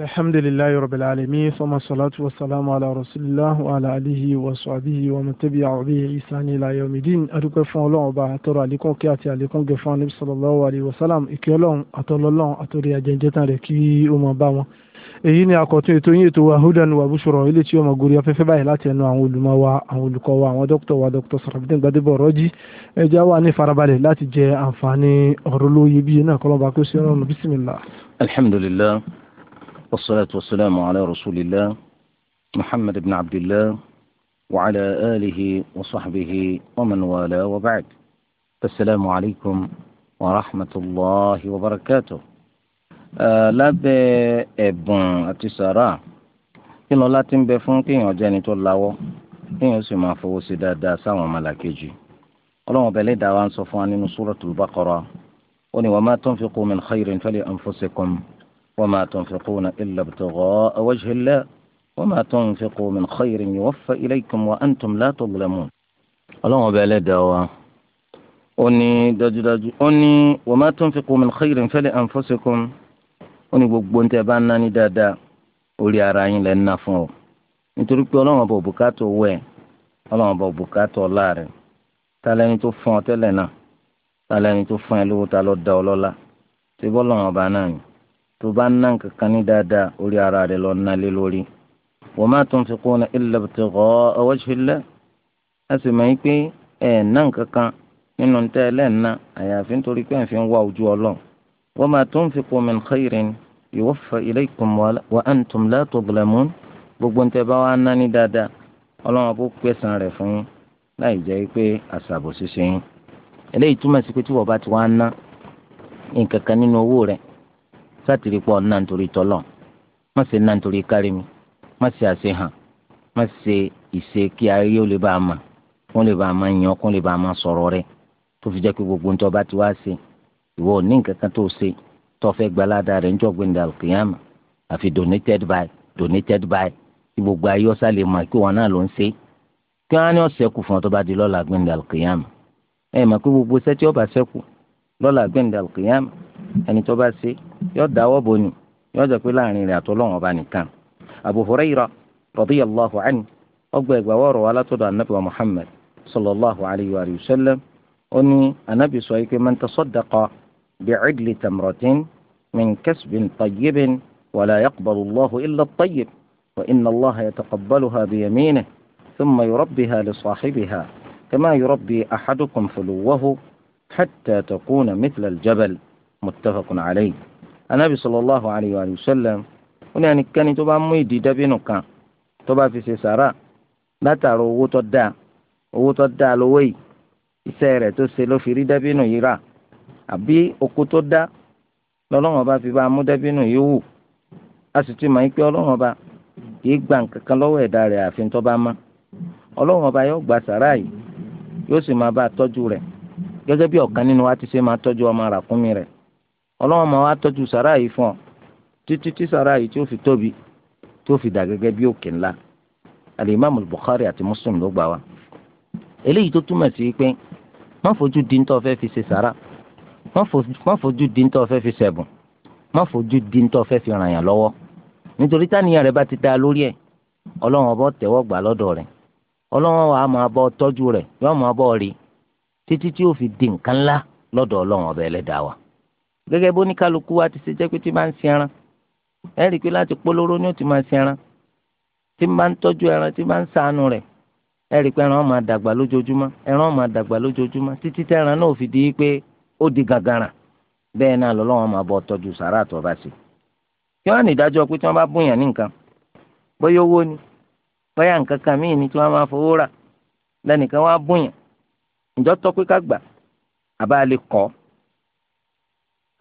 alhamdulilayi rabil alamin soma salatu wa salamu ala rasulillah wa ala alihi wa sahbihi wa mutabi aobi isani la yomidin adúpẹ́ fún Ọlọ́run ọba atọrọ àlékún kí àti àlékún gẹ fún anabi sallallahu alayhi wa salam ìkẹ́ Ọlọ́run atọlọlọrun àtọrẹ ajẹjẹtan rẹ̀ kí ó máa bá wọn. èyí ni àkọ́tún ètò yín ètò wa hudan wa bushra ilé tí ó máa gorí afẹ́fẹ́ báyìí láti ẹnu àwọn olùmọ̀ wa àwọn olùkọ́ wa àwọn dókítà wa dókítà sàràbìtì gbadébọ̀ rọ́jí ẹja wa ní farabalẹ̀ láti jẹ àǹfààní ọ̀rọ̀ lóye bíi náà kọ́lọ́ba kó sí ọ̀rọ̀ nù bísímìlá. alhamdulilayi والصلاة والسلام على رسول الله محمد بن عبد الله وعلى آله وصحبه ومن والاه وبعد السلام عليكم ورحمة الله وبركاته lábẹ́ ẹ̀bùn àti sàrà kí lọ́lá ti ń bẹ fún kéèyàn jẹ́ni tó lawọ́ kéèyàn sì máa fowó sí dáadáa sáwọn ọmọlàkejì ọlọ́run ọ̀bẹ̀lẹ̀ dá wa ń sọ fún wa nínú Suratul Baqara ó ní wa ma tunfiqu min khairin fali anfusikum. وما تنفقون إلا ابتغاء وجه الله وما تنفقوا من خير يوفى إليكم وأنتم لا تظلمون اللهم بلد oni dájúdájú oni wàmà tunfiqu min khairin fali anfusikum oni gbogbo ntẹ bá ń nání dáadáa orí ara yín lẹ ń ná fún o nítorí pé ọlọ́wọ́n bọ̀ bùkátà owó ẹ̀ ọlọ́wọ́n bọ̀ bùkátà ọlá rẹ̀ tálẹ́ni tó fún ọ tẹ́lẹ̀ náà tálẹ́ni tó fún ẹ lówó ta ló dá ọ lọ́lá ṣé bọ́ tó bá ń ná nǹkan kan ní dáadáa orí ara rẹ lọ ná lé lórí. wa ma tunfiquna illa ibtigha'a wajhillah a sì mọ̀ pé ẹ̀ ná nǹkan kan nínú tẹ́ ẹlẹ́ẹ̀ná àyàfi nítorí pé ẹ̀ fi ń wá ojú ọlọ́run. wa ma tunfiqu min khairin yuwaffa ilaykum wa antum la tuzlamun gbogbo ntẹ́ bá wà ná ní dáadáa ọlọ́run kó pẹ̀sán rẹ̀ fún yín láì jẹ́ pé àṣàbò ṣiṣẹ́ yín. eléyìí túmọ̀ sí pé tí wọ́n bá ti wá ná nǹkan kan nínú owó rẹ̀ sátìrì pọ̀ náà nítorí tọ́lọ̀ má ṣe náà nítorí kárí mi má ṣe àṣehàn má ṣe ìṣe kí ayé ó lè bá a mà kún lè bá a mà yàn kún lè bá a mà sọ̀rọ̀ rẹ̀ tó fi jẹ́ pé gbogbo ń tọ́ba ti wá ṣe ìwọ ní nǹkan kan tó ṣe tọ́fẹ́ gbalada rẹ̀ ń jọ gbẹ̀ndà kìyàmà àfi donated by donated by tí gbogbo ayé ọ̀sà lè mà kí wọn náà ló ń ṣe kí wọn á ní ọ̀sẹ̀ kù fún ọ tó bá di lọ́la gbẹ̀ndà kìyàmà ẹ̀ mà kí gbogbo sẹ́tí ọba sẹ́kù lọ́la gbẹ̀ndà kìyàmà ẹni tó bá ṣe yóò da bò ní yóò jẹ́ pé láàrin rẹ̀ àtọ àtọ́lọ́wọ́n ọba nìkan Abu Hurairah radiyallahu anhu ọgbà ẹgbà wọ́ọ̀rọ̀ wa látọ̀dọ̀ anabi wa muhammed sallallahu alayhi wa sallam ó ní anabi sọ yìí pé ta man bí cidli tamrotin min kasbin tayibin wala yaqbalu Allahu illa tayib wa inna Allaha yataqabbaluha biyaminihi thumma ha li sahibiha kama yurabbi ahadukum fuluwahu hatta takuna mithla al-jabal muttafaqun alayhi. anabi sallallahu alayhi wa sallam ó ní ẹnikẹ́ni tó bá mú ìdí dẹ́bìnù kan tó bá fi ṣe sàrà látàrí owó tó dáa owó tó dáa lówó yìí iṣẹ́ rẹ̀ tó ṣe ló fi rí dẹ́bìnù yìí rà àbí oko tó dáa lọ́lọ́wọ́n bá fi bá mú dẹ́bìnù yìí wù a sì ti mọ̀ yín pé ọlọ́wọ́n bá kìí gba nǹkan kan lọ́wọ́ ẹ̀dá rẹ̀ àfi tó bá mọ́ ọlọ́wọ́n bá yóò gba sàrà yìí yóò sì máa bá a tọ́jú rẹ̀ gẹ́gẹ́ bí ọ̀kan nínú wa ti ṣe máa tọ́jú ọmọ ràkúnmí rẹ̀ ọlọ́wọ́n máa wá tọ́jú sàrá yìí fún ọ títí tí sàrá yìí tí ó fi tóbi tí ó fi dà gẹ́gẹ́ bí òkè ńlá alimami Bukhari àti Muslim ló gbà wá eléyìí tó túmọ̀ sí pé má fojú di ń tọ́ fẹ́ fi ṣe sàrá má fojú di ń tọ́ fẹ́ fi ṣẹ̀bùn má fojú di fẹ́ fi ràn yàn lọ́wọ́ nítorí táníyàn rẹ bá ti da lórí ẹ̀ ọlọ́run ọba tẹ̀wọ́ gbà lọ́dọ̀ rẹ̀ ọlọ́run wa máa bọ́ tọ́jú rẹ̀ yóò máa bọ́ rí títí tí ó fi di nǹkan ńlá lọ́dọ̀ ọlọ́run ọba ẹlẹ́dàá wa. gẹ́gẹ́ bó ní kálukú wa ti ṣe jẹ́ pé tí máa ń sin ẹran ẹ rí i pé láti polówó ni ó ti máa sin ẹran tí máa ń tọ́jú ẹran tí máa ń sànù rẹ̀ ẹ rí i pé ẹran máa dàgbà lójoojúmọ́ ẹran máa dàgbà lójoojúmọ́ títí tẹ́ran náà fi di pé ó di gàgàrà bẹ́ẹ̀ náà máa bọ́ tọ́jú sàrà kí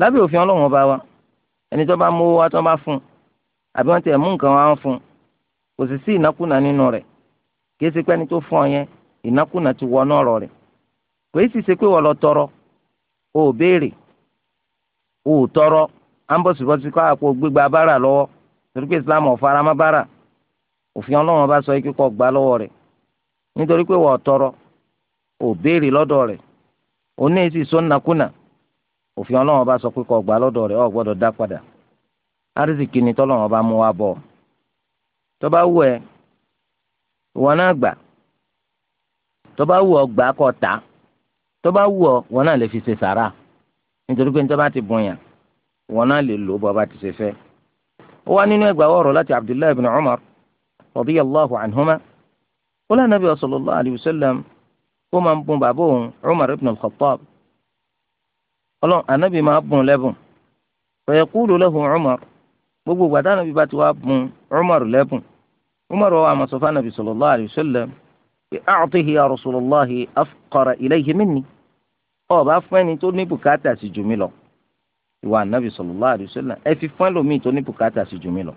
lábẹ́ òfin ọlọ́run ọba wa ẹni tó bá mú owó wá tó bá fún un àbí wọ́n tiẹ̀ mú nǹkan wá fún un kò sì sí ìnákúnà nínú rẹ̀ kì í ṣe pé ẹni tó fún ọ yẹn ti rẹ̀ kò í sì ṣe pé wọ́n lọ tọrọ o ò béèrè o tọrọ à ń bọ̀ sí bọ́sí bára lọ́wọ́ torí pé Islam bára ọba sọ ikú kọ́ gbá lọ́wọ́ rẹ̀ nítorí pé wọ́n tọrọ o òfin ọlọ́run bá sọ pé kó gbà lọ́dọ̀ rẹ̀ ọ̀ gbọ́dọ̀ dá padà àrísìkí ni tọ́lọ́run bá mú wa bọ̀ tó bá wù ẹ́ ìwọ náà gbà tó bá wù ọ́ gbà kó tà tó bá wù ọ́ ìwọ náà lè fi ṣe sàrà nítorí pé ní tó bá ti bùnyàn ìwọ náà lè lò bọ́ bá ti ṣe fẹ́. ó wá nínú ẹgbàá ọ̀rọ̀ láti Abdullahi ibn Umar radiyallahu anhuma ó lánàá bí sallallahu alayhi wa sallam ó máa ń bùn bàbá òun Umar ibn al-Khattab ọlọ́run ànábì máa bùn lẹ́bùn kúlù lẹ́hùn Umar gbogbo gbàdá ànábì bá ti wá bùn Umar lẹ́bùn Umar wa àmọ̀ sọ̀fà ànábì sallallahu alayhi wa sallam pé a'tihi ya ilẹ̀ afqara mí ni ọba fún ẹni tó ní bùkátà sí jùmí lọ ìwà ànábì sallallahu alayhi wa sallam ẹ fi fún ẹlòmíì tó ní bùkátà sí jùmí lọ.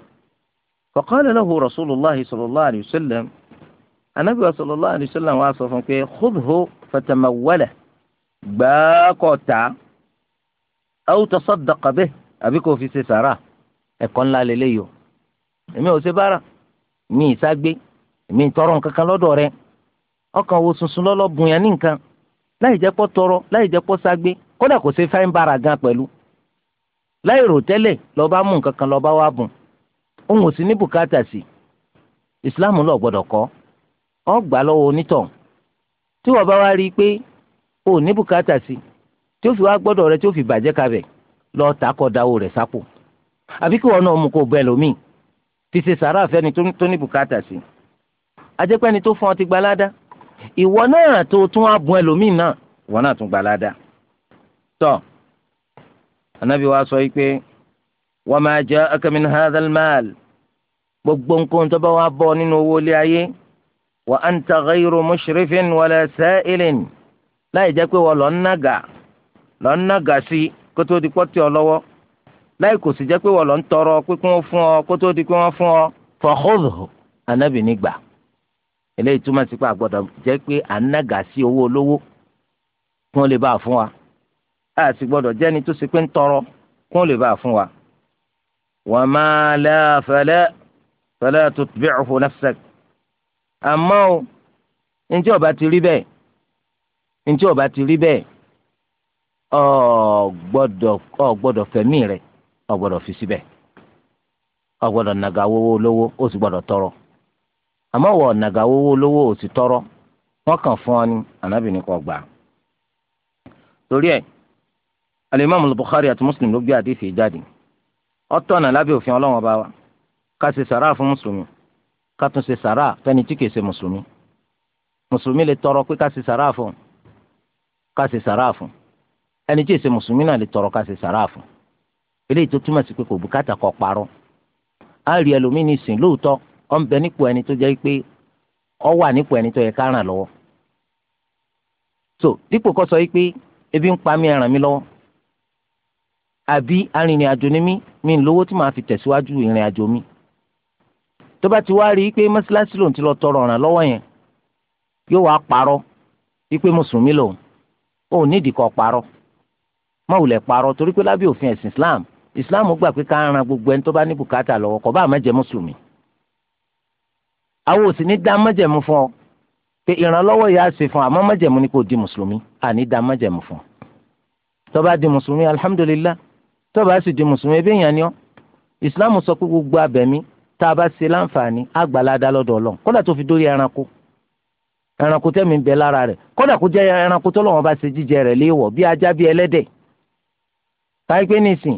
faqala lahu Rasulullahi aw tasaddaqa bih àbí kò fi ṣe sàrà ẹ̀kọ́ ńlá lélẹ́yìí o èmi ò ṣe bára mi ì ságbé èmi ì tọrọ nǹkan kan lọ́dọ̀ rẹ ọkàn wo sunsun lọ́lọ́bùn yẹn ní nǹkan láì jẹ́ pọ́ tọrọ láì jẹ́ pọ́ ságbé kódà kò ṣe fáin bára gan pẹ̀lú láì rò tẹ́lẹ̀ lọ́ba mú nǹkan kan lọ́ba wá bùn òun ò sí ní bùkátà sí ìsìláàmù lọ gbọ́dọ̀ kọ́ ọ gbà lọ́wọ́ onítọ̀ tí wọ́n bá wá rí i pé o ò ní bùkátà sí tí ó fi wá gbọ́dọ̀ rẹ tí ó fi bàjẹ́ kabẹ̀ lọ ta kọ́ dáwó rẹ̀ sápò àbí kí wọn náà mú kó bẹ lómi fi ṣe sàrà àfẹni tó ní bùkátà sí ajẹpẹni tó fún ọ ti gbalada ìwọ náà tó tún á bùn ẹlòmíì náà ìwọ náà tún gbalada tọ anabi wa sọ pé wa ma ja'aka min hadha gbogbo nǹkan tó bá wà bọ nínú owó ilé ayé wa anta ghayru mushrifin wala sa'ilin láì jẹ́ pé wọ́n lọ ń nàgà lọ ń nàgà sí kótó di pọ́tì ọ lọ́wọ́ láì kò sì jẹ́ pé wọ́n lọ ń tọrọ pé kí wọ́n fún ọ kótó di pé wọ́n fún ọ fọ̀hóòhò anábì nígbà eléyìí túmọ̀ sí pé àgbọ̀dọ̀ jẹ́ pé à ń nàgà sí owó olówó kí wọ́n lè bá a fún wa a sì gbọ́dọ̀ jẹ́ni tó ṣe pé ń tọrọ kí wọ́n lè bá a fún wa. wa ma la fala fala tutbi'hu nafsak àmọ́ o ǹjẹ́ ọba ti rí bẹ́ẹ̀ ǹjẹ́ ọba ti rí bẹ́ẹ̀ ọ gbọdọ ọ rẹ ọ gbọdọ fi ọ gbọdọ nàgà lówó ó sì tọrọ àmọ́ wọ nàgà lówó ó sì tọrọ wọn kàn fún ọ ní kan gbà. torí ẹ̀ alimami àti Muslim ló gbé àdéhìí jáde ọ tọ̀nà lábẹ́ òfin Ọlọ́run ọba wa ká ṣe sàrà fún mùsùlùmí ká tún ṣe sàrà tí kìí ṣe mùsùlùmí mùsùlùmí lè tọrọ pé ká ṣe sàrà fún ká ṣe sàrà fún ẹni tí èsè mùsùlùmí náà lè tọrọ ká ṣe sàrà tumasi eléyìí tó túmọ̀ sí pé kò bùkátà kọ parọ́ á rí ẹlòmíín ní ìsìn lóòótọ́ ó ń bẹ nípò ẹni tó jẹ́ pé ó wà nípò ẹni tó yẹ so dípò kó sọ pé ebi ń pa mí ẹ ràn mí lọ́wọ́ ni mi ń lówó tí màá fi tẹ̀síwájú ìrìn mi tó bá ti wá rí i pé lòun ti lọ tọrọ ràn lọ́wọ́ yẹn yóò wá parọ́ mùsùlùmí lòun má wulẹ̀ parọ́ torí pé lábẹ́ òfin ẹ̀sìn islam islam gbà pé ká ran gbogbo ẹni tó bá ní bùkátà lọ́wọ́ kọ́ bá àmọ́ jẹ́ mùsùlùmí. àwọn òsì ní dá májẹ̀mú fún ọ pé ìrànlọ́wọ́ yà á ṣe fún àmọ́ májẹ̀mú ni kò di mùsùlùmí àní dá májẹ̀mú fún. tó bá di mùsùlùmí alhamdulillah tó bá sì di mùsùlùmí ebí èèyàn ni ọ islam sọ pé gbogbo abẹ̀mí tá a bá ṣe láǹfààní àgbàládá lọ́dọ̀ Ọlọ́run kódà tó fi dórí ẹranko ẹranko tẹ́mi ń bẹ lára rẹ̀ kódà kó jẹ́ ẹranko tó bá ṣe jíjẹ rẹ̀ léèwọ̀ bí ajá bí ẹlẹ́dẹ̀ káyipé nìsín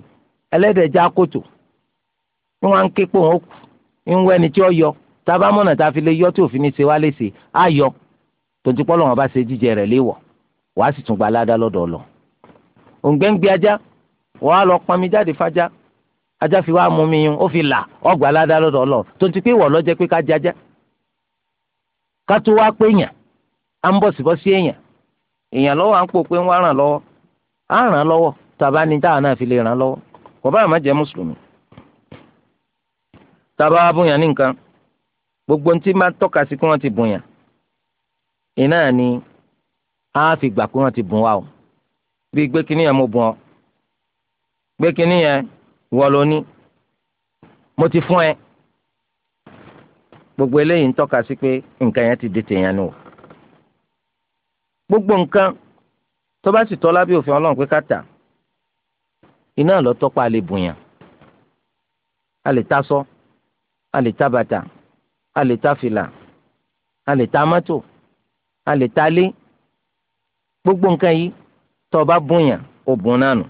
ẹlẹ́dẹ̀ẹ́jà kòtò ń wá ń ké pò ń kù ń wọ ẹni tí ó yọ tábà tá a fi lè yọ tí òfin ní ṣe wá léṣe á yọ tonti pọ́lọ́ bá ṣe jíjẹ rẹ̀ léwọ̀ wàá sì tún gba aládá lọ́dọ̀ ọ̀lọ́ òǹgbẹ́ngbẹ́ ajá wàá lọ jáde fájá ajá fi wàá mú mi yún ó fi là ọgbà aládá lọ́dọ̀ Taba ni táwọn náà fi lè ràn lọ́wọ́ kò bá àmọ́ jẹ́ mùsùlùmí tàbá bùnyàn ní gbogbo ntí máa tọ́ka sí kí wọ́n ti bùnyàn iná ni á fi gbà pé wọ́n ti bùn wa o bí gbé kínní yẹn mo bùn ọ gbé kínní yẹn wọ ló ní mo ti fún ẹ gbogbo eléyìí ń tọ́ka sí pé nǹkan yẹn ti di tèèyàn ni o gbogbo nǹkan tó bá sì tọ́ lábẹ́ òfin ọlọ́run pé ká tà á iná lọ́tọ́pá lè bùnyàn a lè ta sọ a lè ta bàtà a lè ta fìlà a lè ta mọ́tò a lè ta lé gbogbo nǹkan yìí tó bá bùnyàn ó bùn náà nù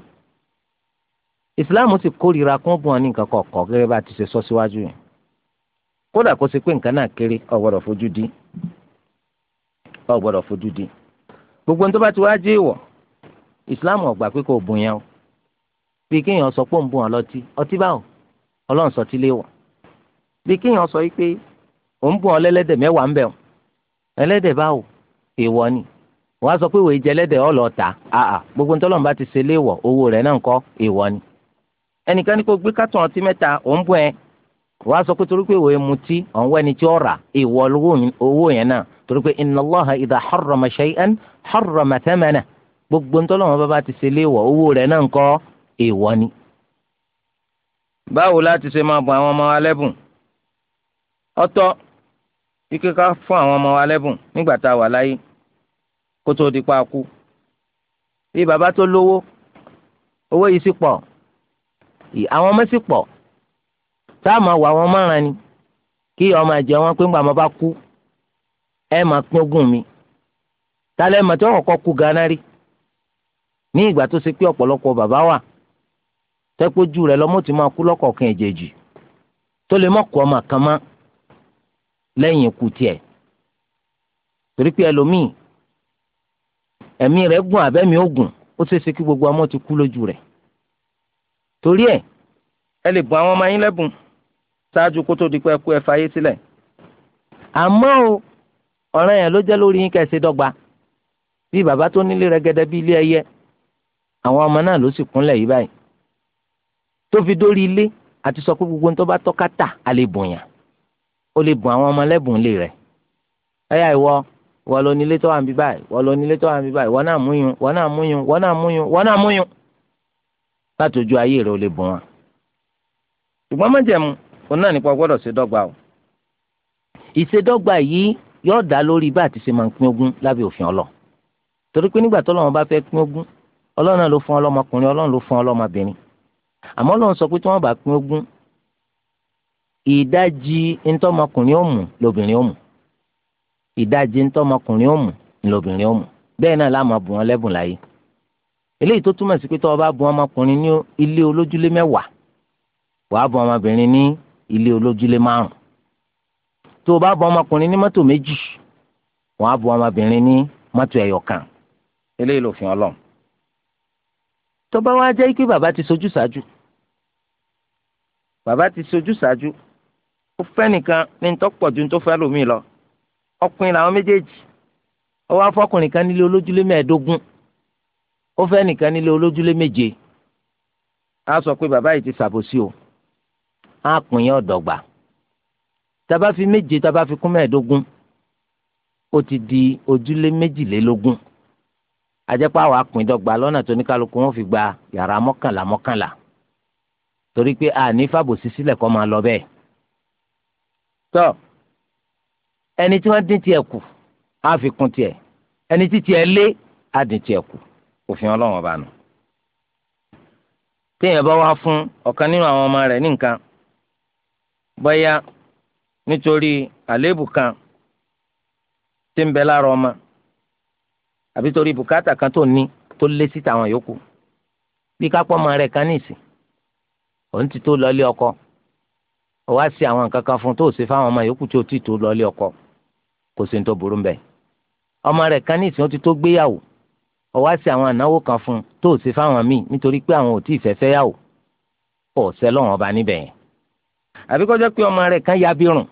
ìsìláàmù sì kórìíra kún bùn ọ ní nǹkan kọ̀ọ̀kan gẹ́gẹ́ bá a ti ṣe sọ síwájú yìí kódà kó ṣe pé nǹkan náà kéré o fojú di o fojú di gbogbo nítorí wá jẹ́ ìwọ̀ ìsìláàmù ò pé kò bùn yẹn o. bí kéèyàn sọ pé ń bùn ọlọ́tí ọtí báwo ọlọ́run sọ ti lé wọ̀ bí kéèyàn sọ pé òun ọlẹ́lẹ́dẹ̀ mẹ́wàá ń bẹ̀ ọ́ ẹlẹ́dẹ̀ báwo èèwọ̀ ni wọ́n á sọ pé ìwòye jẹ ẹlẹ́dẹ̀ ọ̀ lọ́ọ́ ta àà gbogbo bá ti ṣe owó rẹ̀ ni ẹnìkan ní kó gbé ọtí mẹ́ta ẹ wọ́n á sọ pé torí pé ìwòye rà èèwọ̀ owó yẹn náà torí pé èèwọ̀ ni. báwo láti ṣe máa bọ àwọn ọmọ wa lẹ́bùn ọ̀tọ̀ ike ká fún àwọn ọmọ wa lẹ́bùn nígbà tá a wà láyé kó tóó di pa kú bí bàbá tó lówó owó yìí sì pọ̀ àwọn ọmọ sì pọ̀ tá a máa wà wọn mọ́ràn ni kí ọmọ ẹ̀jẹ̀ wọn pé ńgbà máa bá kú ẹ máa pín ogún mi tálẹ̀ mọ̀ tí wọ́n kọ́kọ́ kú ganan ní ìgbà tó ṣe pé ọ̀pọ̀lọpọ̀ bàbá wà tẹ́kójú rẹ̀ lọ́mọ́ ti máa kú lọ́kọ̀ọ̀kan ẹ̀jẹ̀jì tó lè mọ̀kọ́ ọmọ kan mọ́ lẹ́yìn ikú tiẹ̀ torí pé ẹlòmíì ẹ̀mí rẹ̀ gùn abẹ́mi ó gùn ó ṣeé kí gbogbo ọmọ ti kú lójú rẹ̀ torí ẹ̀ ẹ lè bọ́ àwọn ọmọ yín lẹ́bùn ṣáájú kó tó di pé ẹ kú ẹ fàyè sílẹ̀ àmọ́ o ọ̀ràn yẹn ló jẹ́ lórí yín kẹsì dọ́gba bí bàbá tó nílé rẹ̀gẹ̀dẹ̀ bí ilé ẹyẹ àwọn ọmọ náà ló sì kúnlẹ̀ yìí báyìí tó fi dórí ilé àti sọ pé gbogbo ní tó bá tọ́ka tà á lè bùn yàn ó lè bùn àwọn ọmọ lẹ́bùn lè rẹ̀ ẹ̀yà ìwọ wọ́n lọ nílé tó wà níbí báyìí wọ́n lọ nílé tó wà níbí báyìí wọ́n náà múyun wọ́n náà múyun wọ́n náà múyun wọ́n náà múyun láti ojú ayé rẹ̀ ó lè bùn wọn. ṣùgbọ́n májẹ̀mú òun náà nípa gbọ́dọ̀ ṣe dọ́gba o ìṣedọ́gba yìí yóò dá lórí bá àti ṣe máa ń pín ogún lábẹ́ òfin ọlọ torí pé nígbà tọ́lọ́run bá fẹ́ pín ogún ọlọ́run ló fún ọlọ́mọkùnrin ọlọ́run ló fún ọlọ́mọbìnrin àmọ́ lọ́n sọ pé tí wọ́n bá pín ogún ìdajì ntọ́mọkùnrin òmù lobìnrin òmù ìdajì ntọ́mọkùnrin òmù lobìnrin òmù bẹ́ẹ̀ náà láàmú bù wọn lẹ́bùn láyé eléyìí tó túmọ̀ sí pé tó o bá bu ọmọkùnrin ní ilé olójúlé mẹ́wàá wàá bu ọmọbìnrin ní ilé olójúlé márùn tó o bá bu ọmọkùnrin ní mọ́tò méjì wàá bu ọmọbìnrin ní mọ́tò ẹ̀yọ̀ eléyìí lòfin ọlọ́run tó bá wá jẹ́ kí bàbá ti sojú ṣáájú bàbá ti sojú ṣáájú ó fẹ́ nìkan ní tọ́pọ̀ ju tó fẹ́ lómi lọ ọkùnrin làwọn méjèèjì ó wá fọkùnrin kan nílé olójúlé mẹ́ẹ̀ẹ́dógún ó fẹ́ nìkan nílé olójúlé méje á sọ pé bàbá yìí ti ṣàbòsí o á pín yín ọ̀dọ̀gba tàbá fi méje tàbá fi kún mẹ́ẹ̀ẹ́dógún ó ti di ojúlé méjìlélógún àjẹpá wa pín dọ́gba lọ́nà tó wọn fi gba yàrá mọ́kànlá mọ́kànlá torí pé a ní fàbòsí sílẹ̀ kọ́ máa lọ bẹ́ẹ̀. tọ́ ẹni tí wọ́n dín tiẹ̀ kù á fi kún tiẹ̀ ẹni tí tiẹ̀ lé á dín tiẹ̀ kù òfin ọlọ́wọ́n bá nù. téèyàn bá wá fún ọ̀kan nínú àwọn ọmọ rẹ̀ ní nǹkan nítorí àléébù kan tí ń bẹ lára ọmọ àbí torí bùkátà kan tó ní tó lé síta àwọn yòókù bí kápọ́ ọmọ rẹ̀ kan ní òun ti tó lọlé ọkọ ó wá sí àwọn nǹkan kan fún tó ṣe fáwọn ọmọ yòókù tí ó ti tó lọlé ọkọ kò sí ní tó burú mbẹ ọmọ rẹ̀ kan ní ìsìn ó ti tó gbéyàwó ó wá sí àwọn ànáwó kan fún tó ṣe fáwọn míì nítorí pé àwọn ò tí ì fẹ́ fẹ́ yàwó pọ̀ sẹ́lọ̀n ọba níbẹ̀ yẹn àbí pé ọmọ rẹ̀ kan ya rùn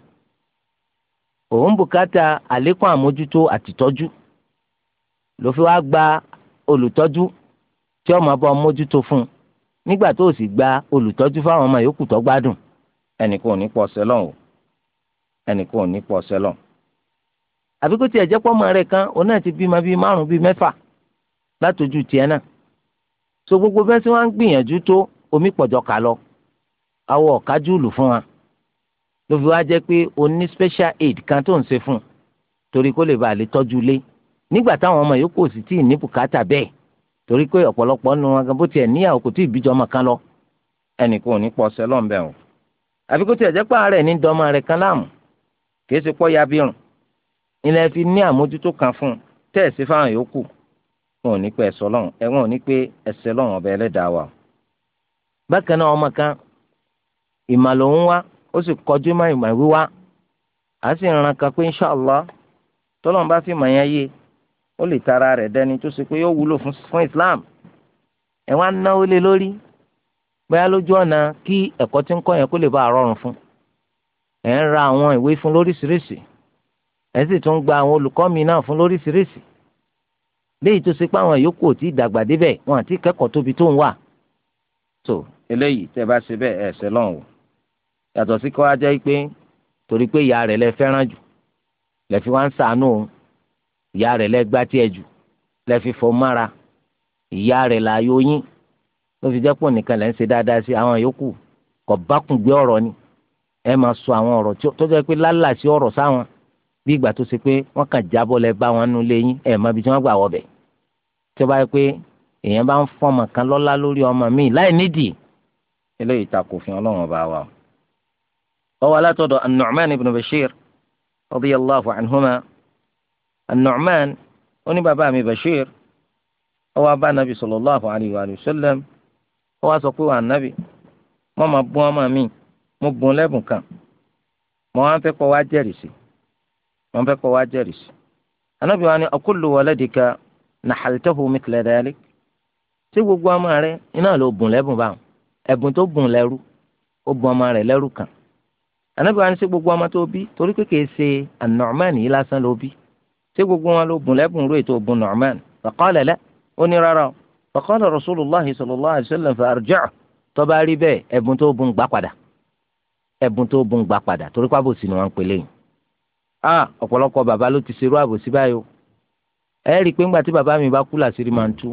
òun bùkátà àlékún àmójútó àtìtọ́jú ló fi wá gba olùtọ́jú tí ọmọ bá mójútó fún un nígbà tó o sì gba olùtọ́jú fáwọn ọmọ yòókù tó gbádùn ẹnìkan ò ní pọ̀ sẹ́lọ̀n o ẹnìkan ò ní pọ̀ sẹ́lọ̀n. àbí kó tiẹ̀ jẹ́ pọ́ ọmọ rẹ̀ kan òun náà ti bímọ bíi márùn-ún bíi mẹ́fà látọjú tiẹ̀ náà. so gbogbo bẹ́ẹ̀ tí wọ́n ń gbìyànjú tó omi pọ̀jọ kà lọ awọ ọ̀kájúùlù fún wa ló fi wá jẹ́ pé o ní special aid kan tó ń ṣe fún un torí kó lè bàa lè tọ́jú ilé nígbà táwọn ọmọ yòókù sì tíì ní bùkátà bẹ́ẹ̀ torí pé ọ̀pọ̀lọpọ̀ nu wọn gan bó tiẹ̀ níyàwó kò tí ì bíjọ́ ọmọ kan lọ ẹnìkan ò ní pọ̀ ṣẹ́ lọ́nbẹ̀ o àfi kó tiẹ̀ jẹ́ pé ní dọ́mọ rẹ̀ kan láàmú kì í ṣe pọ́ ilẹ̀ fi ní àmójútó kan fún un tẹ́ ẹ̀ fáwọn yòókù wọn ò ní ẹ̀sọ́ ẹ̀wọ̀n ò ní pé ọbẹ̀ ẹlẹ́dàá wa. bákan náà ọmọ kan ìmà lòun wá ó sì ó lè tara rẹ̀ dẹni tó ṣe pé yóò wúlò fún islam ẹ wá náwó lé lórí bóyá lójú ọ̀nà kí ẹ̀kọ́ tí ń kọ́ yẹn kó lè bá a rọrùn fún ẹ̀ ń ra àwọn ìwé fún lóríṣiríṣi ẹ̀ sì tún gba àwọn olùkọ́ mi náà fún lóríṣiríṣi léyìí tó ṣe pé àwọn yòókù ò tí ì dàgbà débẹ̀ wọn àti kẹ́kọ̀ọ́ tóbi tó ń wà tó eléyìí tẹ́ bá ṣe bẹ́ẹ̀ ẹ̀ṣẹ̀ lọ́hùn o yàtọ̀ sí kọ́ ajá pé torí pé ìyá rẹ̀ lẹ fẹ́ràn jù lẹ wá ń ṣàánú òun ìyá rẹ̀ lẹ́gbá tiẹ̀ jù lẹ́fi fọ́ mára ìyá rẹ̀ là yóò yín ló fi jẹ́ pọ̀ nìkan lẹ́ ń ṣe dáadáa sí àwọn yòókù kò bákùn gbé ọ̀rọ̀ ni ẹ máa sọ àwọn ọ̀rọ̀ tó jẹ́ pé lálàsí ọ̀rọ̀ sáwọn bí ìgbà tó ṣe pé wọ́n kàn jábọ́ lẹ bá wọn nulẹ̀ yín ẹ̀ mọ ibi tí wọ́n gbà wọ̀ tó bá yẹ pé èèyàn bá ń fọmọ kan lọ́lá lórí ọmọ míì láì nídìí eléyìí ta kò fin ọlọ́run ọba wa. ọwọ́ alátọ̀dọ̀ an ibn Bashir radiyallahu anhuma An-Nu'man ó ní bàbá mi Bashir ó wá bá nabi sallallahu alayhi wa sallam sọ pé wà nabi mọ ma bùn ọmọ lẹ́bùn kan mo wá ń fẹ́ kọ́ wá jẹ́rìí sí mo ń fẹ́ wa ni akullu waladika nahaltahu tó ó ọmọ rẹ kan gbogbo ọmọ tó bí torí pé kìí ṣe yìí ṣé gbogbo wọn ló bùn lẹ́bùn rú ètò òbùn Nu'man faqala la ó ní rárá faqala Rasulullah sallallahu alaihi wasallam fa arji'hu tó bá rí bẹ́ẹ̀ ẹ̀bùn tó bùn gbà padà ẹ̀bùn tó bùn gbà padà torí pé àbòsí ni wọ́n ń pè lẹ́yìn. a ọ̀pọ̀lọpọ̀ bàbá ló ti ṣerú àbòsí báyìí o ẹ rí i pé ńgbà tí bàbá mi bá kú làṣírí máa ń tú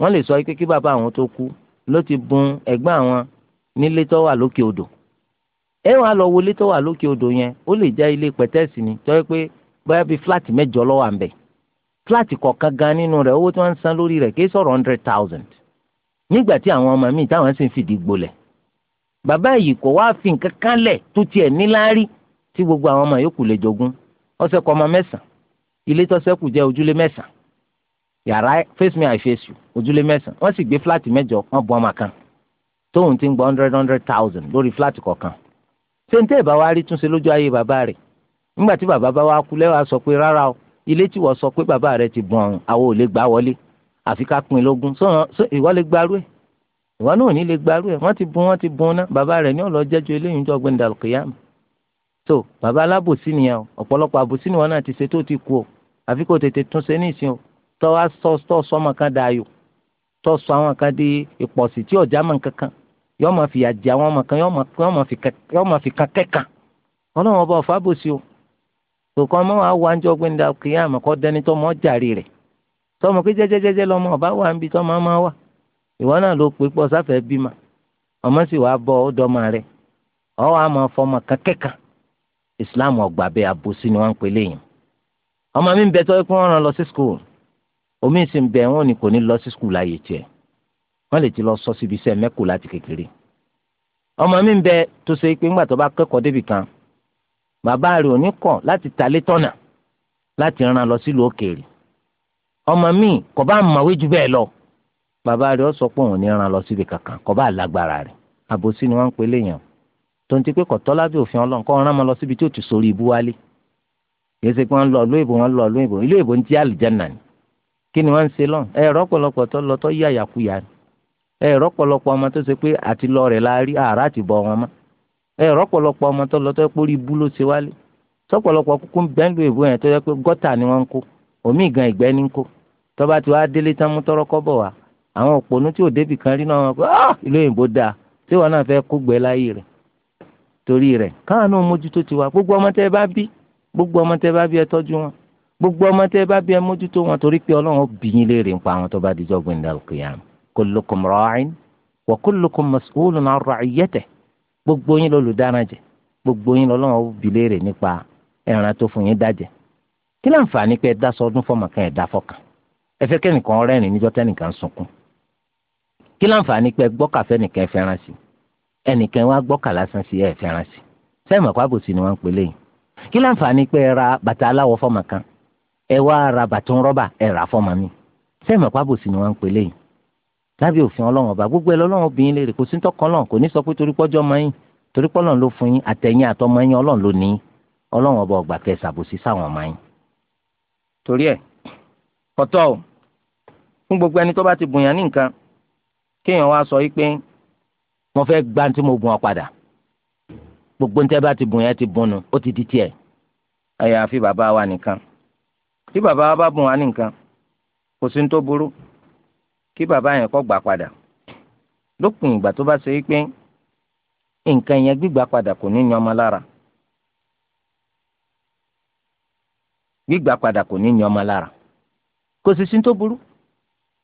wọ́n lè sọ pé kí bàbá àwọn tó kú ló ti bùn ẹ̀gbọ́n àwọn nílé tó wà lókè odò ẹ wàá lọ wo tó wà lókè odò yẹn ó lè jẹ́ ilé pẹ̀tẹ́ẹ̀sì ni tó yẹ pé bóyá bíi fúláàtì mẹ́jọ lọ́wọ́ à ń bẹ̀ fúláàtì kọ̀ọ̀kan gan nínú rẹ̀ owó tí wọ́n ń san lórí rẹ̀ kì sọ̀rọ̀ hundred thousand nígbà tí àwọn ọmọ míì táwọn sì ń fìdí gbolẹ̀ bàbá yìí kò wá fi nǹkan kan lẹ̀ tó tiẹ̀ níláárí tí gbogbo àwọn ọmọ yòókù lè jogún ọsẹ kọ ọmọ mẹ́sàn ilé tọ́sẹ́kù jẹ́ ojúlé mẹ́sàn yàrá face me I face you ojúlé mẹ́sàn wọ́n sì gbé fúláàtì mẹ́jọ wọ́n bu ọmọ kan tóun ti ń gba hundred hundred thousand lórí fúláàtì kọ̀ọ̀kan ṣé ní tẹ́ ìbáwá rí túnṣe lójú ayé bàbá rẹ̀ nígbà tí bàbá bá wá kú lẹ́wà sọ pé rárá o ilé tí wọ́n sọ pé bàbá rẹ ti bọ̀rùn àwọn ò lè gbà wọlé àfi ká pín in lógún sọ ìwọ lè gbarú ẹ̀ ìwọ náà ò ní lè gbarú ẹ̀ wọ́n ti bun wọ́n ti bun ná bàbá rẹ̀ ní ọ̀lọ́ jẹ́jọ́ eléyìí jọ gbẹ̀ndà kìyàmù tó bàbá alábòsí nìyẹn o ọ̀pọ̀lọpọ̀ àbòsí ni wọn náà ti ṣe tó ti kú o àfi kò tètè tún ṣe níìsín o tọ́ wá tọ́ sọ ọmọ kan dayò tọ́ sọ àwọn kan di ìpọ̀sí tí ọ̀já mọ̀ kankan yọ́ọ́ máa fìyà tòkọ́ ọmọ wa wá njọ́ pé nígbà kìyàmù kọ́ dẹni tó mọ́ jàre rẹ̀ tọmọ pé jẹ́jẹ́jẹ́jẹ́ lọ́mọ ọba wà ń bi tọ́mọ máa wà ìwọ náà ló pè pọ̀ sáfẹ́ bímọ ọmọ sì wàá bọ ọdọọmọ rẹ ọwọ́ a máa fọmọ kankẹ́kan Islam ọgbà bẹ́ẹ̀ Abosi ni wọ́n ń pè léyìn ọmọ mi ń bẹ tọ́ lọ sí skul omi sì ń bẹ wọn ni kò ní lọ sí skul láàyè lè ti lọ sọ síbi láti bàbá rẹ̀ ò ní kọ̀ láti talé tọ̀nà láti rán lọ sílùú òkèèrè ọmọ míì kò bá mọ̀wé jù bẹ́ẹ̀ lọ bàbá rẹ̀ ó sọ pé òun ní rán lọ síbi kankan kò bá lágbára rẹ̀ àbòsí ni wọ́n ń pè léèyàn tó ń ti pé kọ̀tọ́ lábẹ́ òfin ọlọ́run kọ́ rán mọ́ lọ síbi tí ó ti sórí ibú wálé kìí ṣe pé wọ́n lọ ìlú èbó wọ́n lọ ìlú èbó ìlú èbó ń ti àlùjánnà ni kí ni wọ́n ń ṣe lọ́n ẹ̀rọ ọ̀pọ̀lọpọ̀ tó lọ tó yá yàkuyà ni ẹ̀rọ ọ̀pọ̀lọpọ̀ ọmọ tó ṣe pé àti lọ rẹ̀ la rí àrà àti bọ̀ wọn mọ́ ẹ rọpọlọpọ ọmọ tó lọ tó pé orí ibú ló ṣe wálé sọpọlọpọ kúkú bẹ́ńlú èbó yẹn tó yẹ pé gọ́tà ni wọ́n ń kó omi ìgan ìgbẹ́ ní ń kó tọ́ba tí wàá délé tán mú tọ́rọ́ kọ́bọ̀ wá àwọn òpònú tí ò débì kan rí náà wọn pé ah ìlú òyìnbó dáa tí wọn náà fẹ́ kó gbẹ láyé rẹ̀ torí rẹ̀ káwọn náà mójútó ti wá gbogbo ọmọ tẹ́ bá bí gbogbo ọmọ tẹ́ bá bí ẹ tọ́jú wọn gbogbo ọmọ tẹ́ gbogbo yín lọ́lùdáran jẹ gbogbo yín lọ́lọ́run ó bi léèrè nípa ẹran tó fún yín dájẹ kí láǹfààní pé ẹ dá sọdún fọmọ kan ẹ dá fọkàn ẹ fẹ́ kẹ́nìkan rẹ́rìn níjọ́ tẹ́nìkan sunkún kí láǹfààní pé ẹ gbọ́kà fẹ́nìkan ẹ fẹ́ràn sí ẹnìkan wá gbọ́kà lásán sí ẹ fẹ́ràn sí sẹ́yìn màkà àbòsí ni wọ́n ń pè léyìn kí láǹfààní pé ẹ ra bàtà aláwọ̀ fọmọ kan ẹ wá ra bàtún rọ́bà ẹ rà fọmọ mi sẹ́yìn màkà àbòsí ni wọ́n ń pè léyìn lábẹ́ òfin ọlọ́run ọba gbogbo ẹ lọ́lọ́run obìnrin lè rè kò sí tọkàn lọ́n kò ní sọ pé torí pọ́jọ́ mọ́ yín torí pọ́lọ́n ló fún yín àtẹ̀yìn àtọmọ yín ọlọ́run ló ní ọlọ́run ọba ọgbà kẹ́ ṣàbòsí sáwọn ọmọ yín. torí ẹ kọtọ o fún gbogbo ẹni tó bá ti bùnyàn ní nǹkan kéèyàn wá sọ wípé mo fẹ́ gbá tí mo bùn ọ padà gbogbo ní tẹ́ bá ti bùnyàn ti bùnnu ó ti di tiẹ̀ àyàfi bàbá wa nìkan tí bàbá wa bá bùn wa kí bàbá yẹn kó gbà padà lópin ìgbà tó bá ṣe é pé nǹkan yẹn gbígbà padà kò ní ní ọmọ lára gbígbà padà kò ní ní ọmọ lára kò sì sí tó burú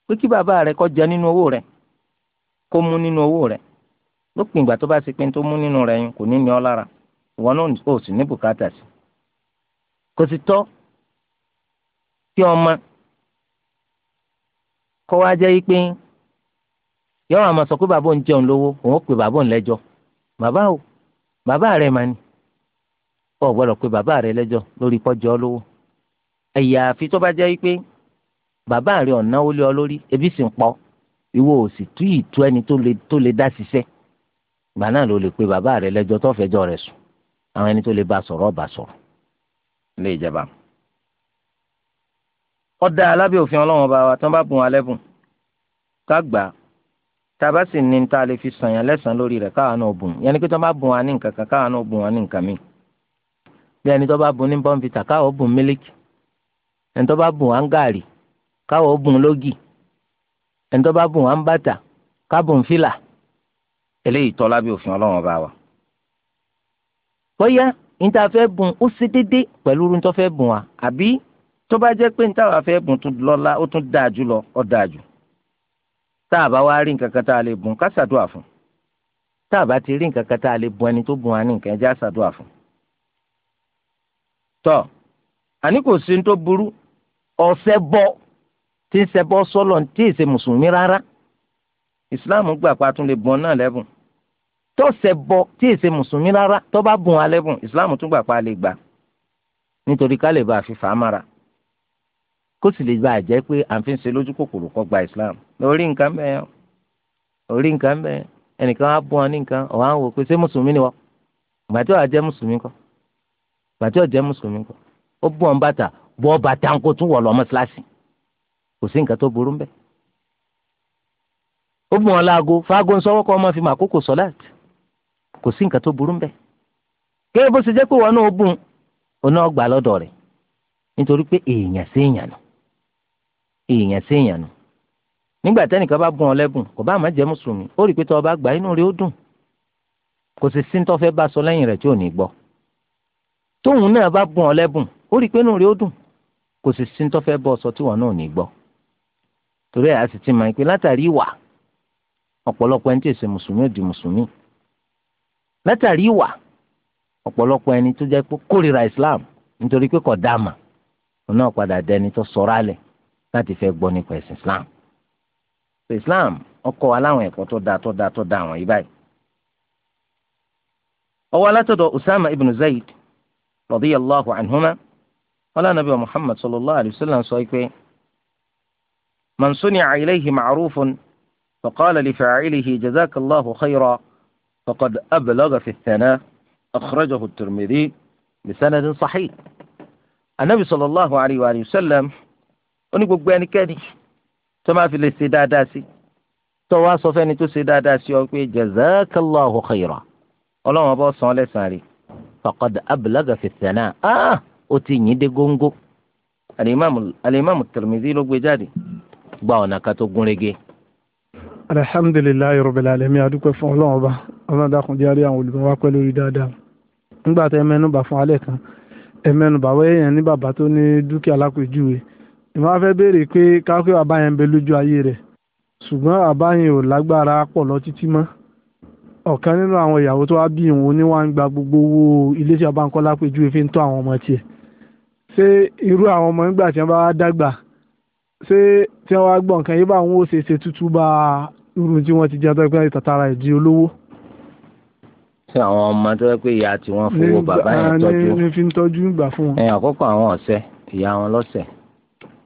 pé kí bàbá rẹ kó jẹ nínú owó rẹ kó mú nínú owó rẹ lópin ìgbà tó bá ṣe pé tó mú nínú rẹ yẹn kò ní ní ọ lára ìwọ náà ò sì ní bùkátà sí kò sì tọ́ kí ọmọ kó wá jẹ́ pé yọ àwọn àmọ̀sọ pé bàbá òun jẹun lówó òun ó pè bàbá òun lẹ́jọ́ bàbá o bàbá rẹ̀ mà ní ọ̀ gbọ́dọ̀ pé bàbá rẹ̀ lẹ́jọ́ lórí kọjọ́ lówó ẹ̀yà àfi tó bá jẹ́ pé bàbá rẹ̀ ọ̀nà ó lé ọ lórí ebi sì ń pọ̀ ìwọ ò sì tú ìtú ẹni tó lè dá ṣiṣẹ́ ìgbà náà ló lè pe bàbá rẹ̀ lẹ́jọ́ tó fẹjọ́ rẹ̀ sùn àwọn ẹni tó lè bá sọ̀rọ̀ ọ̀bà sọ̀rọ̀ ilé ìjọba ọ̀dà alábẹ́ òfin ọlọ́run ọba wa tí wọ́n bá bùn alẹ́ bùn ká gbà á tàbá sì ní ta lè fi sànyàn lẹ́sàn lórí rẹ̀ káwa náà bùn yẹn ni pé tó bá bùn wa ní nǹkan kan káwa náà bùn wa ní nǹkan mi bí ẹni tó bá bùn ní bọ́ǹfìtà káwa bùn mílíkì ẹni tó bá bùn wa ń gààrí káwa bùn lógì ẹni tó bá bùn wa bàtà ká bùn fìlà eléyìí tọ́ lábẹ́ òfin ọlọ́run ọba wa. bóyá níta fẹ́ bùn ó ṣe déédéé pẹ̀lú irun tó fẹ́ bùn wa àbí tó bá jẹ́ pé níta fẹ́ bùn tún lọ́la ó tún dáa jù lọ ó dáa jù tá a bá wá rí nǹkan kan tá a lè bùn ká ṣàdúrà fún tá a bá ti rí nǹkan kan tá a lè bùn ẹni tó bùn wa ní nǹkan ẹjẹ́ àṣàdúrà fún. tọ́ àní kò sí tó burú ọ̀sẹ̀ bọ́ tí ń ṣe bọ́ sọ́lọ̀ tí ì ṣe mùsùlùmí rárá ìsìláàmù gbà pa tún lè bùn náà lẹ́bùn tó ṣe bọ́ tí ì ṣe mùsùlùmí rárá tó bá bùn wa lẹ́bùn ìsìláàmù tún gbà pa lè gbà nítorí ká lè bá a fi kó sì lè bá a jẹ́ pé à ń fi ṣe lójú kòkòrò gba islam orí nǹkan bẹ́ẹ̀ orí nǹkan bẹ́ẹ̀ ẹnìkan á bọ́ ọ ní nǹkan ọ̀hán wò pé ṣé mùsùlùmí ni wọ́n gbàtí ọ̀hán jẹ́ mùsùlùmí kọ́ gbàtí mùsùlùmí kọ́ ó bọ́ ọ bàtà bọ́ ó ọ láago fáago ń ọmọ jẹ́ nítorí pé èèyàn sí èèyàn sí èèyàn nù nígbà tẹ́nìkan bá bùn ọ lẹ́bùn kò bá àmọ́ jẹ́ mùsùlùmí ó rí i pé tó o bá gbà inú rẹ ó dùn kò sì sí tó fẹ́ bá sọ lẹ́yìn rẹ̀ tí ò ní gbọ́ tóun náà bá bùn ọ lẹ́bùn ó rí i pé inú rẹ ó dùn kò sì sí tó fẹ́ bọ́ sọ tí wọn náà ò ní gbọ́ torí àá sì ti mọ̀ pé látàrí ìwà ọ̀pọ̀lọpọ̀ ẹni tí èsè mùsùlùmí ò di mùsùlùmí látàrí ìwà ọ̀pọ̀lọpọ̀ ẹni tó jẹ́ pé kórìíra Islam nítorí pé kò dáàmà òun náà padà láti fẹ́ gbọ́ nípa ẹ̀sìn islam so islam ọkọ aláwọn ẹ̀kọ́ tó da tó da tó da àwọn yìí báyìí. ọwọ́ alátọ̀dọ̀ usama ibn rọ̀bí radiyallahu anhuma ọlá nàbí muhammad sallallahu alayhi wa sallam sọ pé man suni'a ilayhi ma'rufun faqala li fa'ilihi jazakallahu khayra faqad abdulaga fìtánà ath-thana akhrajahu at bisanadin sahih. النبي صلى الله عليه وآله وسلم ó ní gbogbo ẹnikẹ́ni tó máa fi lè ṣe dáadáa sí tó wá sọ fẹ́ni tó ṣe dáadáa sí ọ pé jazakallahu khaira ọlọ́run ọba sàn lẹ́sàn rí faqad ablaga fi thana ah ó ti yìn dé góńgó alimami Tirmidhi ló gbé jáde gba ọ̀nà kan tó gún régé. alhamdulilayi rabbil alamin adúpẹ́ fún ọlọ́run ọba ọlọ́run dákun járe àwọn olùbáwá pẹ́ lórí dáadáa nígbà tó ẹ mẹ́nu fún alẹ́ kan ẹ mẹ́nu bà ní bàbá tó ní dúkìá lápèjúwe ìmọ̀ fẹ́ béèrè pé káwé bàbá yẹn ń bẹ lójú ayé rẹ̀ ṣùgbọ́n bàbá yẹn ò lágbára pọ̀ lọ títí mọ́ ọ̀kan nínú àwọn ìyàwó tó wá bí òun ní wá ń gba gbogbo owó ilé tí Abánkọ́lá péjú efi ń tọ́ àwọn ọmọ tiẹ̀ ṣé irú àwọn ọmọ nígbà tí wọ́n bá wá dàgbà ṣé tí wọ́n wá gbọ́ nǹkan yìí bá wọn ó ṣe ṣe tútú bá irú tí wọ́n ti jẹ́ tó pé tàtàrà ẹ̀ di olówó. ṣé àwọn ọmọ tó pé ìyá tiwọn fowó bàbá yẹn tọ́jú ní àkọ́kọ́ àwọn ọ̀sẹ̀ ìyá wọn lọ́sẹ̀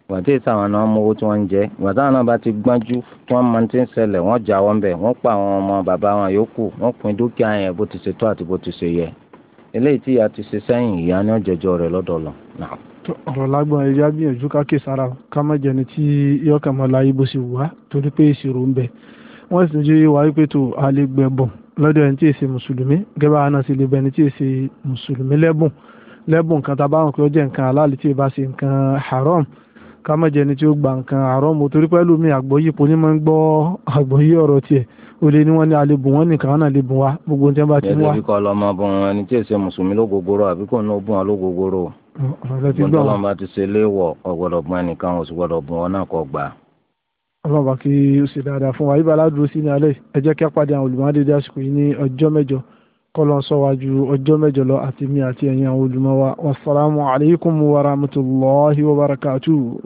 ìgbà tí èsì àwọn náà mówó tí wọ́n ń jẹ ìgbà táwọn náà bá ti gbájú tí wọ́n máa ti ń ṣẹlẹ̀ wọ́n jà wọ́n bẹ̀ wọ́n pa àwọn ọmọ bàbá wọn yòókù wọ́n pín dúkìá yẹn bó ti ṣe tó àti bó ti ṣe yẹ eléyìí tí ìyá ti ṣe sẹ́yìn ìyá ní ọ̀jọ̀jọ rẹ̀ lọ́dọ̀ lọ. ọ̀rọ̀ lágbọ́n ẹja gbìyànjú ká kè sára ká má jẹni tí yọkàn mọ́ láyé bó ṣe wà torí pé ìṣirò ń bẹ wọ́n sì jẹ́ wáyé pé tó a lè gbẹ̀bọ̀n lọ́dọ̀ ẹni tí èsì mùsùlùmí gẹ́gẹ́ bá a náà sì lè bẹ ẹni tí èsì mùsùlùmí lẹ́bùn lẹ́bùn kan tá a bá wọn pé ó jẹ́ nǹkan aláàlì tí ì bá ṣe nǹkan haram ká má jẹni tí ó gba nǹkan àrọ́mù torí pẹ́lú mi àgbọ̀yé ipò ní máa ń gbọ́ àgbọ̀yé ọ̀rọ̀ tiẹ̀ ó lé ní wọ́n ní alebùn wọ́n nìkan náà lebùn wa gbogbo ní tí wọ́n bá ti wá. ẹ̀ẹ́dẹ̀bí kọ́ lọ́mọ bọ̀ wọn ẹni tí èsè mùsùlùmí ló gogoro àbí kò ní ó bùn wọn ló gogoro. ọlọ́mọba ti ṣe léèwọ̀ ọ̀gbọ́dọ̀ bùn ẹnìkan ò sì gbọ́dọ̀ bùn wọn náà kọ́ gbà. ọlọ́mọba kí o ṣe dáadáa fún wa ibà aládùúró sí ní alẹ́ ẹ jẹ́ kí á pàdé àwọn olùmọ̀ádé dásìkò yìí ní ọjọ́ mẹ́jọ kọ́lọ́ sọ wájú ọjọ́ mẹ́jọ lọ àti mi àti ẹ̀yin àwọn olùmọ̀ wa alaykum wa rahmatulahi